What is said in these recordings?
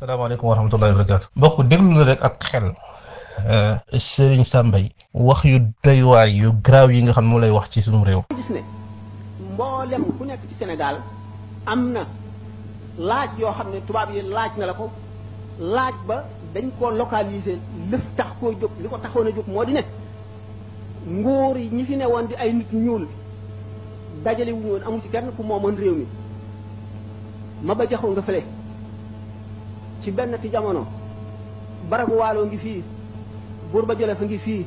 السلام عليكم ورحمه الله وبركاته بوك دغلو ريك اك خيل ا سيرين سامباي واخ يو داي واي يو غراو ييغا خا مولاي واخ سي سونو ريو غيس ني مبولم كو نيك سي سينيغال امنا لاج يو خا ني توباب يي لاج نالاكو لاج با دنج كو لوكاليزي لف تاخ كو جوك ليكو تاخونا جوك مودي نيك نغور ني في نيوان دي اي نيت نيول داجالي وون امو سي كين كو مومن ريو مي ما با جاخو نغا فلي ci benn ci jamono barabu waaloo ngi fii buur ba jële fa ngi fii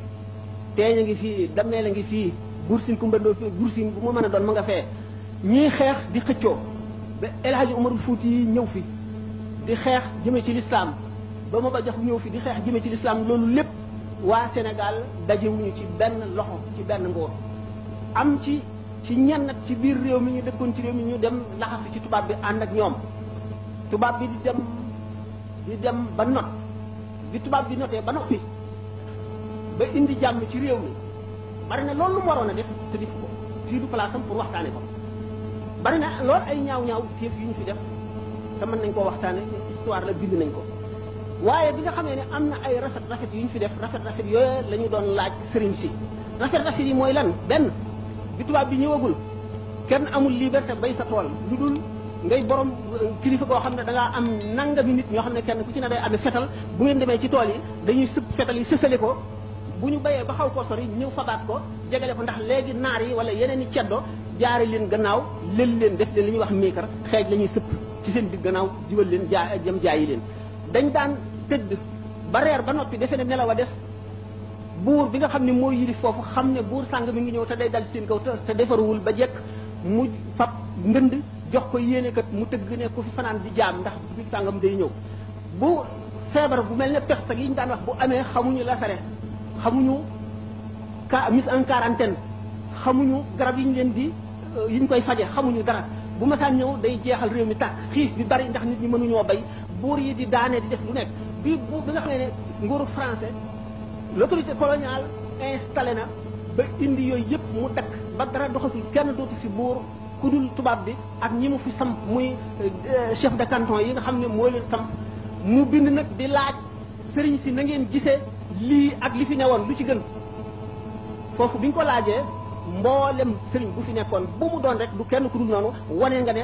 teeñ ngi fii dammeel a ngi fii bursin kumba mbëndoo fii bursin bu mu mën a doon ma nga fee ñuy xeex di xëccoo ba El Hadj Umarul Fouti ñëw fi di xeex jëme ci lislaam ba ma ba jox ñëw fi di xeex jëme ci lislaam loolu lépp waa Sénégal dajewuñu ci benn loxo ci benn nguur am ci ci ñenn ci biir réew mi ñu dëkkoon ci réew mi ñu dem laxasu ci tubaab bi ànd ak ñoom tubaab bi di dem di dem ba not bi tubaab bi notee ba noppi ba indi jàmm ci réew mi bari na loolu lu mu waroon a def te def ko fii du place am pour waxtaane ko bari na loolu ay ñaaw-ñaaw téef yu ñu fi def te mën nañ koo waxtaane histoire la bind nañ ko waaye bi nga xamee ne am na ay rafet rafet yu ñu fi def rafet rafet yooyu la ñu doon laaj sëriñ si rafet rafet yi mooy lan benn bi tubaab bi ñëwagul kenn amul liberté bay sa tool lu dul ngay boroom kilifa koo xam ne da ngaa am nangami nit ñoo xam ne kenn ku ci ne day amee fetal bu ngeen demee ci tool yi dañuy sëb fetal yi sësale ko bu ñu bayee ba xaw koo sori ñëw fabaat ko jegale ko ndax léegi naar yi wala yeneen i ceddo jaari leen gannaaw lël leen def leen li ñuy wax miikar xeej la ñuy sëpp ci seen digg gannaaw jubal leen jaa jëm jaayi leen dañ daan tëdd ba reer ba noppi defe ne nelaw a def buur bi nga xam ne moo yilif foofu xam ne buur sàng mi ngi ñëw te day dal ci seen kaw te defaruwul ba jekk mu fab ndënd jox ko yéene kat mu tëgg ne ku fi fanaan di jaam ndax bi sàngam day ñëw bu feebar bu mel ne peste yi ñu daan wax bu amee xamuñu la fere xamuñu ka mise en quarantaine xamuñu garab yi leen di yi ñu koy faje xamuñu dara bu masaan ñëw day jeexal réew mi tàkk xiif bi bari ndax nit ñi mënuñoo bay buur yi di daanee di def lu nekk bii bu bi nga xam ne nguuru français l'autorité coloniale installé na ba indi yooyu yëpp mu dakk ba dara doxatul kenn dootu fi buur ku dul tubaab bi ak ñi mu fi samp muy euh, chef de canton yi nga xam ne moo leen samp mu bind nag di laaj sëriñ si na ngeen gisee lii ak li fi newoon lu ci gën foofu bi ñu ko laajee mboolem sëriñ bu fi nekkoon bu mu doon rek du kenn ku dul noonu wane nga ne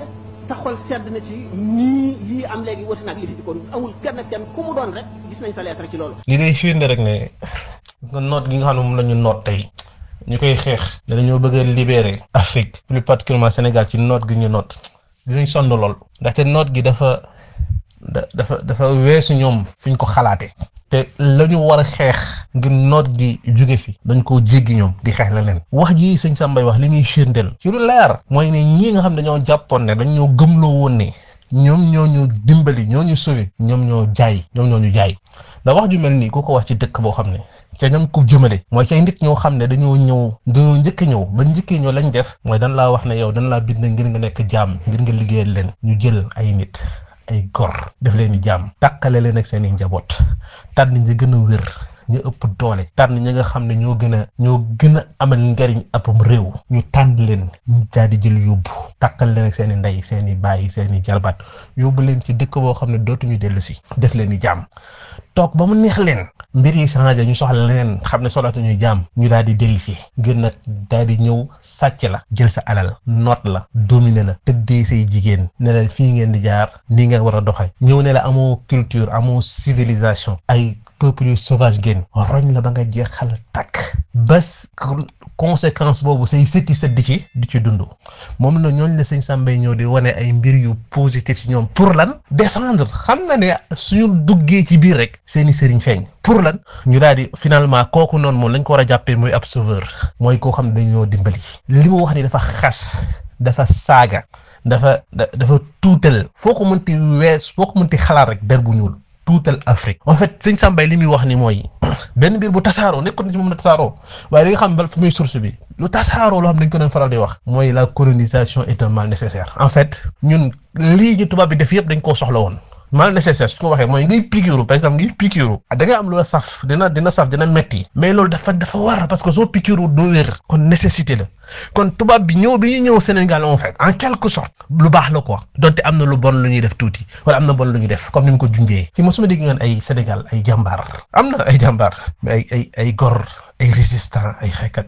sa xol sedd na ci nii lii am léegi wasi nag li fi dikoon amul kenn kenn ku mu doon rek gis nañ sa lettre ci loolu. li day firnde rek ne nga noot gi nga xam ne moom la ñu noot tey. ñu koy xeex ne dañoo bëgg a libérer Afrique plus particulièrement Sénégal ci noot gi ñu noot dinañ sonn lool ndaxte noot gi dafa dafa dafa weesu ñoom fuñ ko xalaatee te la war a xeex ngir noot gi jóge fi dañ koo jéggi ñoom di xeex la leen wax ji sëñ mbay wax li muy firndeel ci lu leer mooy ne ñii nga xam dañoo jàppoon ne dañoo gëmloo woon ne ñoom ñoo ñu dimbali ñoo ñu sauvé ñoom ñoo jaay ñoom ñoo ñu jaay la wax ju mel nii ku ko wax ci dëkk boo xam ne ca ñam ku jëmale mooy cay nit ñoo xam ne dañoo ñëw dañoo njëkk ñëw ba njëkkee ñëw lañ def mooy dañ laa wax ne yow dañ laa bind ngir nga nekk jaam ngir nga liggéeyal leen ñu jël ay nit ay gor def leen di jaam tàqale leen ak seen i njaboot tànn ñi gën a wér ñu ëpp doole tànn ñi nga xam ne ñoo gën a ñoo gën a amal njariñ atum réew ñu tànn leen ñu daal di jël yóbbu tàkkal leen ak seen i ndey seen i bàyyi seen i jarbaat yóbbu leen ci dëkk boo xam ne dootuñu dellu si def leen di jàmm toog ba mu neex leen mbir yi changé ñu soxla leen xam ne solaatuñu jàmm ñu daal di dellu gën a daal di ñëw sàcc la jël sa alal noot la dominer la tëddee say jigéen ne leen fii ngeen di jaar nii ngeen war a doxee ñëw ne la amoo culture amoo civilisation ay peuple sauvage génn rogn la ba nga jeexal tak bas conséquence bobu say sëtti sët di ci di ci dund moom la ñooñ la seigne sàmbay ñoo di wone ay mbir yu positif ci ñoom pour lan défendre xam na né suñu duggé ci biir rek seeni sëriñ feeñ pour lan ñu daal di finalement koku non mom lañ ko wara jappé moy ab sauveur moy ko xam dañoo dimbali limu wax ni dafa xas dafa saga dafa dafa tuutal foko mën ti wess foko mën ti xalaat rek der bu ñuul tuutal Afrique en fait sëñ Samba li muy wax ni mooy benn mbir bu tasaaroo nekkul ni ci moom la tasaaroo waaye da nga xam bal fu muy source bi lu tasaaroo loo xam dañ ko doon faral di wax. mooy la colonisation est un mal nécessaire en fait ñun lii ñu tubaab bi def yëpp dañ koo soxla woon. man nécessaire su ko waxee mooy ngay piqûre par exemple ngay piqûre da ngay am lu a saf dina dina saf dina metti mais loolu dafa dafa war parce que soo piqûre doo wér kon nécessité la kon tubaab bi ñëw bi ñëw Sénégal en fait en quelque sorte lu baax la ko quoi donte am na lu bon lu ñuy def tuuti wala am na bon lu ñuy def comme ni mu ko junjee ci mosuma dégg ngeen ay Sénégal ay jàmbaar am na ay jàmbaar ay ay ay gor ay résistant ay xeexkat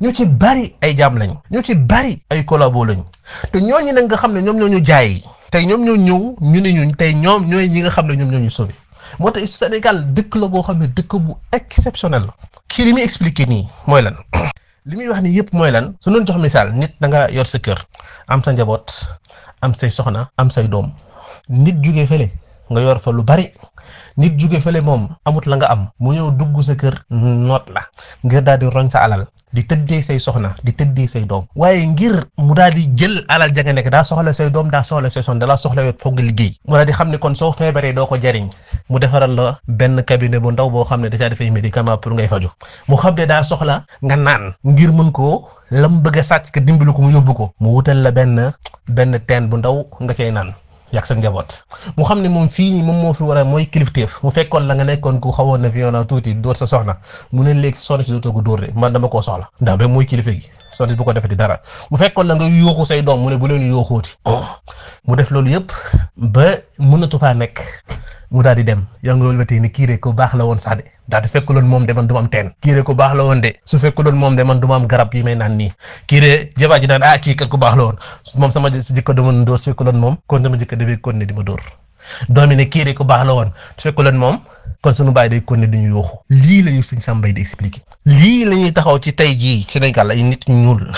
ñu ci bari ay jaam lañ ñu ci bari ay collabo lañ te ñooñu nag nga xam ne ñoom ñoo ñu jaay. tey ñoom ñoo ñëw ñu ne ñun tey ñoom ñooy ñi nga xam ne ñoom ñoo ñu sauvé moo tax Sénégal dëkk la boo xam ne dëkk bu exceptionnel la. kii li muy expliqué nii mooy lan li muy wax nii yëpp mooy lan su doon jox misaal nit da nga yor sa kër am sa njaboot am say soxna am say doom nit jugee fële. nga yor fa lu bari nit jóge fële moom amut la nga am mu ñëw dugg sa kër noot la ngir daal di roñ sa alal di tëddee say soxna di tëddee say doom waaye ngir mu daal di jël alal ja nekk daa soxla say doom daa soxla say soxna daa soxla yow foog nga liggéey mu daal di xam ne kon soo feebaree doo ko jariñ mu defaral la benn cabinet bu ndaw boo xam ne dacaa defay médicament pour ngay faju mu xam ne daa soxla nga naan ngir mën koo lam bëgg a sàcc ka dimbali ko mu yóbbu ko mu wutal la benn benn teen bu ndaw nga cay naan yàgg sa njaboot mu xam ne moom fii nii moom moo fi war a mooy kilifteef mu fekkoon la nga nekkoon ku xawoon na violent tuuti dóor sa soxna mu ne léegi soxna si dootoo ko dóor de man dama koo soxla ndax rek mooy kilifa gi soxna bu ko defee di dara mu fekkoon la nga yooxu say doom mu ne bu leen yooxooti oh. mu def loolu yëpp ba mënatu faa nekk mu daal di dem yow nga wëlbatee ni kiiree ko baax la woon sax de daal di fekkuloon moom de man du ma am teen kiiree ko baax la woon de su fekkuloon moom de man du ma am garab yi may naan nii kiiree jabaat ji naan ah la woon moom sama jikko dama doon dóor su fekkuloon moom kon sama jikko dafay kon ne di ma dóor doomi ko baax la woon su fekkuloon moom kon sunu bàyyi day kon ne du ñu yooxu lii la ñu sëñ Sam Mbaye di expliquer lii la ñuy taxaw ci tey jii Sénégal ay nit ñuul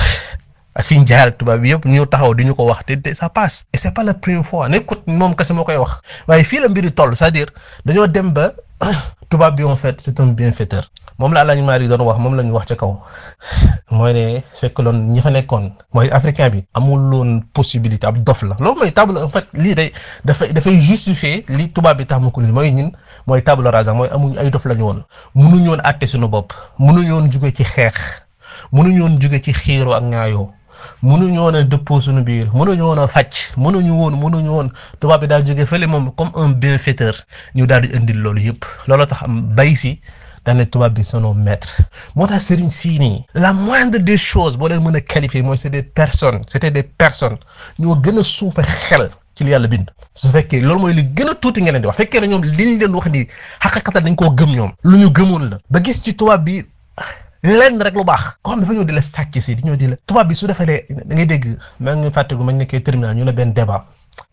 ak fi ñu jaar tubaab bi yëpp ñu taxaw di ñu ko wax te te ça passe et c'est pas la première fois nekkut moom kese moo koy wax waaye fii la mbiri toll sa à dire dañoo dem ba tubaab bi en fait c'est un bienfaiteur moom la Alaaji Maalik doon wax moom la wax ca kaw mooy ne fekk loon ñi fa nekkoon mooy africain bi amul loon possibilité ab dof la loolu mooy table en fait lii day dafay dafay justifier li tubaab bi tax mu ko nii mooy ñun mooy table rasa mooy amuñ ay dof la ñu woon mënuñu woon àtte suñu bopp mënuñu woon jóge ci xeex mënuñu woon juge ci xiiro ak ñaayoo. mënuñu woon a dëppoo suñu biir mënuñu woon a fàcc mënuñu woon mënuñu woon tubaab bi daal jóge fële moom comme un bienfaiteur ñu daal di indil loolu yëpp looloo tax am bay si dane tubaab bi c'est nos maîtres moo tax sëriñ sii nii la moindre des choses boo leen mën a qualifier mooy c'est des personnes c'était des personnes ñoo gën a xel ci li yàlla bind su fekkee loolu mooy li gën a tuuti nga leen di wax fekkee ne ñoom liñ leen wax ni xaqaqatal dañ gëm ñoom lu ñu gëmoon la ba gis ci tubaab bi lenn rek lu baax koo xam dafa ñëw di la sàcc si di ñëw di la tubaab bi su defalee da ngay dégg maa ngi fàttaliku ma ñu nekkee terminal ñu ne benn débat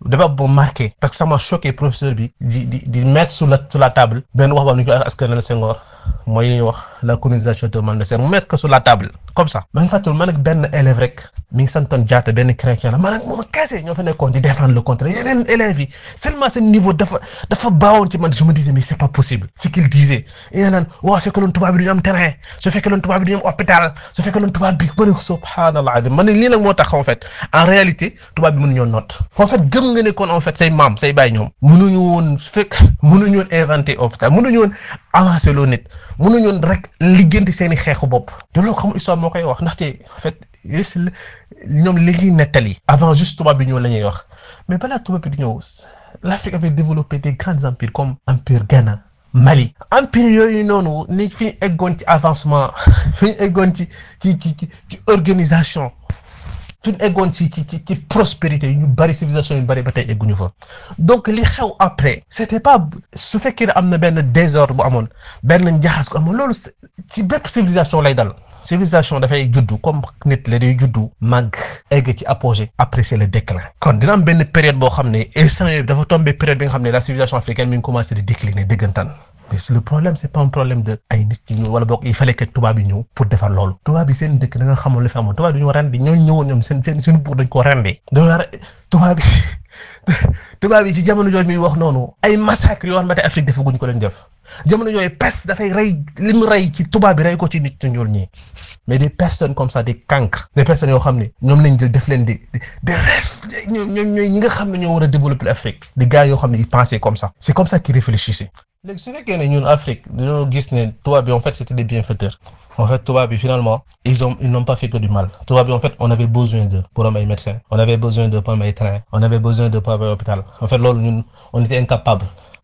dafa ba marqué parce que ça m'a choqué professeur bi di di di mettre sur la sur la table ben wax ba nu ñu koy askanale Senghor mooy li ñuy wax la colonisation de Mandela mu mettre que sur la table comme ça. ma fatul man ak ben élève rek mi ngi santoon Diatta benn chrétien la man ak moom kese ñoo fa nekkoon di défendre le contraire yenen élève yi seulement seen niveau dafa dafa baawoon ci man je me disais mais c'est pas possible ce qu'il disait il wa c'est que loon tubaab bi duñu am terrain su fekkee loon tubaab bi duñu am hôpital su fekkee loon tubaab bi ma subhanallah man li nak mo tax en fait en réalité tubaab bi ñoo note en fait gëm nga kon en fait say mam say ñom mënu ñu won fekk mënu ñu inventer hôpital ñu won avancer lo nit mënu ñu rek liggéenti seen de xam histoire koy en fait ñom li avant juste bi wax mais bi l'Afrique avait développé des grands empires comme empire Ghana Mali empire ni fi fait ci avancement fi ci organisation une égone ci ci prospérité ñu civilisation ñu bari batay donc li xew après c'était pas su fait ne désordre bu ben njaxas ko civilisation lolu civilisation lay dal civilisation comme nit la day apogée après c'est le déclin dina am période période bi la civilisation africaine commencé décliner mais le problème c'est pas un problème de il fallait que pour seen dëkk da nga ñu seen seen seen buur dañ koo rembee dañoo tubaab yi tubaab yi ci jamono jooju muy wax noonu ay massacre yoo xam ne Afrique defaguñ ko leen def jamono yooyu pes da fay ray limu ray ci tubaab bi ray ko ci nit ñu ñi mais des personnes comme ça des cancres des personnes yo xam ñom ñoom lañ jël def leen di di ref ñom ñoy ñi nga xam ñoo wara développer l'Afrique des gars yo xam ils pensaient comme ça c'est comme ça qu'ils réfléchissaient léegi su fekkee ne ñun Afrique dañoo gis ne tubaab bi en fait c'était des bienfaiteurs en fait tubaab bi finalement ils ont ils n'ont pas fait que du mal tubaab bi en fait on avait besoin d'eux pour am ay médecin on avait besoin de pour am ay trains on avait besoin de pour am ay hôpital en fait loolu ñun on était incapable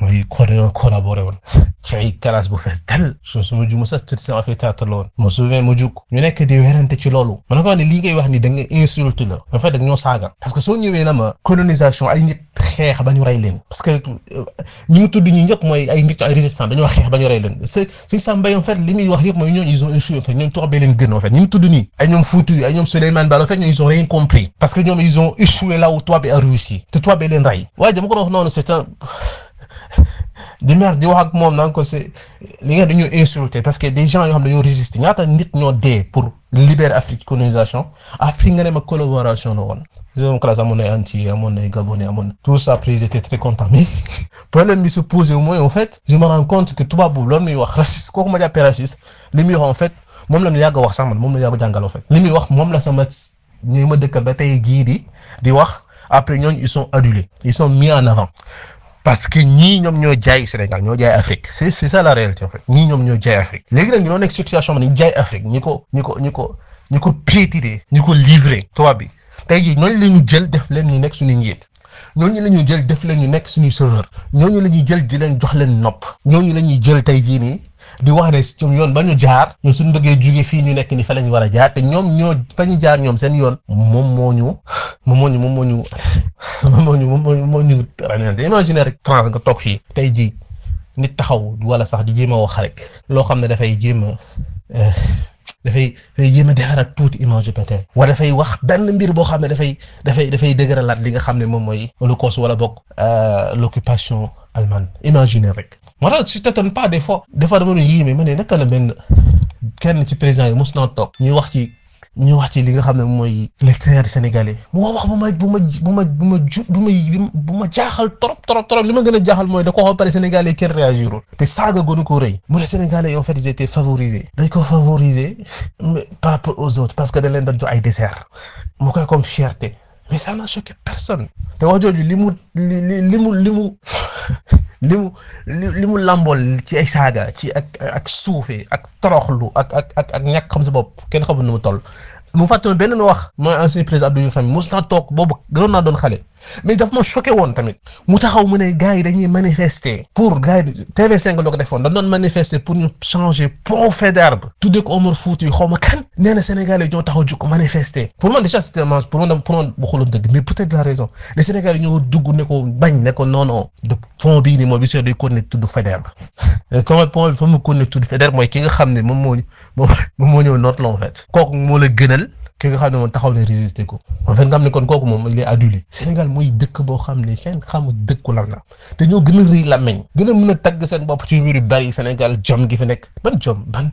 muy ko dañoo collaboré woon ci ay classe bu fees dal su suma ju sax tuuti sama affaire théâtre la woon ma souvenir mu jug ñu nekk di werante ci loolu ma ne ne lii ngay wax ni da nga insulte la en fait da ñoo saaga parce que soo ñëwee na ma colonisation ay nit xeex ba ñu rey leen parce que ñi mu tudd ñi ñëpp mooy ay nit ay résistants dañoo xeex ba ñu rey leen c'est c'est ça mbay en fait li muy wax yëpp mooy ñoo ils ont insulté en fait ñoom tubaab leen gën en fait ñi mu tudd nii ay ñoom Foutu ay ñoom Souleymane Bal en fait ñoom ils ont rien compris parce que ñoom ils ont échoué là où tubaab bi a réussi te tubaab bee leen rey waaye dama ko doon wax noonu c'est un di mer di wax ak mom nan ko c'est li nga dañoo insulté parce que des gens yo xam dañoo résister ñaata nit ñoo dé pour libérer Afrique colonisation Afrique nga ma collaboration la woon. zone classe amoon na anti amoon na gabonais amoon tout ça après était très content mais problème bi se pose au moins en fait je me rends compte que tubaab boobu l'homme mi wax raciste ko ma jàppee raciste li muy wax en fait mom la ñu yàgg wax sax man mom la yàgg a jàngal en fait li muy wax mom la sama ñi ma dëkkal ba tay gi di di wax après ñooñu ils sont adulés ils sont mis en avant parce que ni ñom ñoo jaay Sénégal ñoo jaay Afrique c'est ça la réalité fait ñoo Afrique Afrique livrer moo ñu moo ñu ràññante imaginer rek trans nga toog fii tey jii nit taxaw wala sax di jéem a wax rek loo xam ne dafay jéem a dafay dafay jéem a defaraat tuuti image peut-être wala dafay wax benn mbir boo xam ne dafay dafay dafay dëgëralaat li nga xam ne moom mooy holocauste wala boog l'occupation allemande imaginer rek moo tax si tëtan pas des fois des fois dama doon yéeme ma ne naka la benn kenn ci président yi mos naa toog ñuy wax ci ñu wax ci li nga xam ne mooy sénégalais mu wax bu ma bu ma bu ma jaaxal da sénégalais sénégalais en fait ils étaient favorisés dañ ko par rapport aux autres parce que dañ leen doon jox ay dessert fierté mais ça n'a choqué personne li li mu li li mu làmbool ci ay saaga ci ak ak suufee ak toroxlu ak ak ak ak ñàkk xam sa bopp kenn xamul nu mu toll mu fàttali benn wax mooy ancien président Abdou Diouf tamit mos naa toog boobu gënoon naa doon xale mais daf ma choqué woon tamit mu taxaw mu ne gars yi dañuy manifester pour gars yi TV5 loo ko defoon dañ doon manifester pour ñu changer pont Faidherbe tuddee ko Omar Fouti xaw ma kan nee na Sénégalais ñoo taxaw jug manifester pour man déjà c'est un pour man pour man waxuloon dëgg mais peut-être la raison les Sénégalais ñoo dugg ne ko bañ ne ko non non de pont bii nii mooy bi soo day continuer tudd Faidherbe pont bi fa mu continuer tudd Faidherbe mooy ki nga xam ne moom moo moom moom moo ñëw noot la en kooku moo la gënal ki nga xam ne moom taxaw na résister ko en fait nga xam ne kon kooku moom il est Sénégal mooy dëkk boo xam ne kenn xamul dëkku lan la te ñoo gën a rëy la meñ gën mën a tagg seen bopp ci biir yu bari Sénégal jom gi fa nekk ban jom ban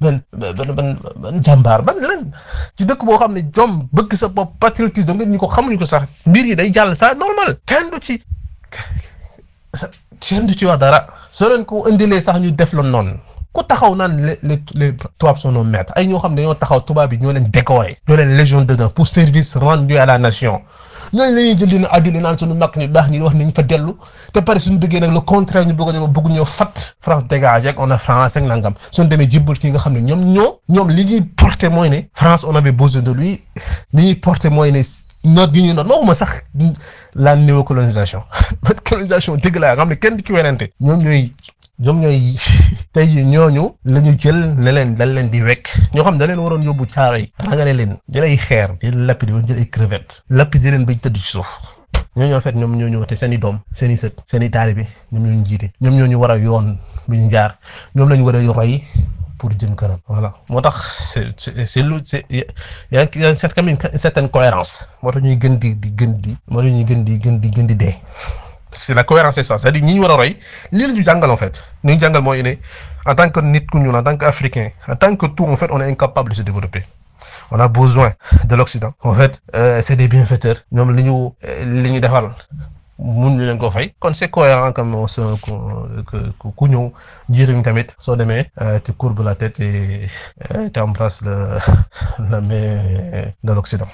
ban ban ban ban jàmbaar ban ci dëkk boo xam ne jom bëgg sa bopp patriotisme da nga ñu ko xamuñu ko sax mbir yi day jàll ça normal kenn du ci kenn du ci wax dara soo leen ko indilee sax ñu def la noonu. ku taxaw naan le les tubaab sont nos maîtres ay ñoo xam ne dañoo taxaw tubaab bi ñoo leen décorer ñoo leen légion d'honneur pour service rendu à la nation ñoo la ñuy jël dina addule naan suñu mag ñu baax ñi wax nañ fa dellu te pare suñu bëggee nag le contraire ñu bëgg ñoo bëgg ñoo fat France dégagé ak on a France ak nangam suñu demee jibbal ki nga xam ne ñoom ñoo ñoom li ñuy porter mooy ne France on avait besoin de lui li ñuy porter mooy ne noot gi ñuy noot waxuma sax la néocolonisation colonisation dégg la nga xam ne kenn du ci werante ñoom ñooy ñoom ñooy tey ji ñooñu la ñu jël ne leen dañ leen di wekk ñoo xam da leen waroon yóbbu caaro yi rangale leen jël ay xeer di lappi di woon jël ay crevette lappi di leen bañ tëdd ci suuf ñoo ñoo fekk ñoom ñoo ñëw seen i doom seen i sët seen i ñoo ñoo ñu war a yoon bi ñu jaar ñoom la ñu war a roy pour jëm kanam voilà moo tax c'est c'est lu c'est yaa ngi certaine cohérence moo ñuy gën di di gën di moo tax ñuy gën di gën di gën di dee c'est la cohérence c'est ça c'est-à-dire ni l'île du en fait nous du jungle, une en tant que nit en tant que en tant que tout en fait on est incapable de se développer on a besoin de l'Occident en fait euh, c'est des bienfaiteurs nous les ñu li defal mun ñu ko fay kon c'est cohérent quand même so tu courbes la tête et euh, tu embrasses la main de l'Occident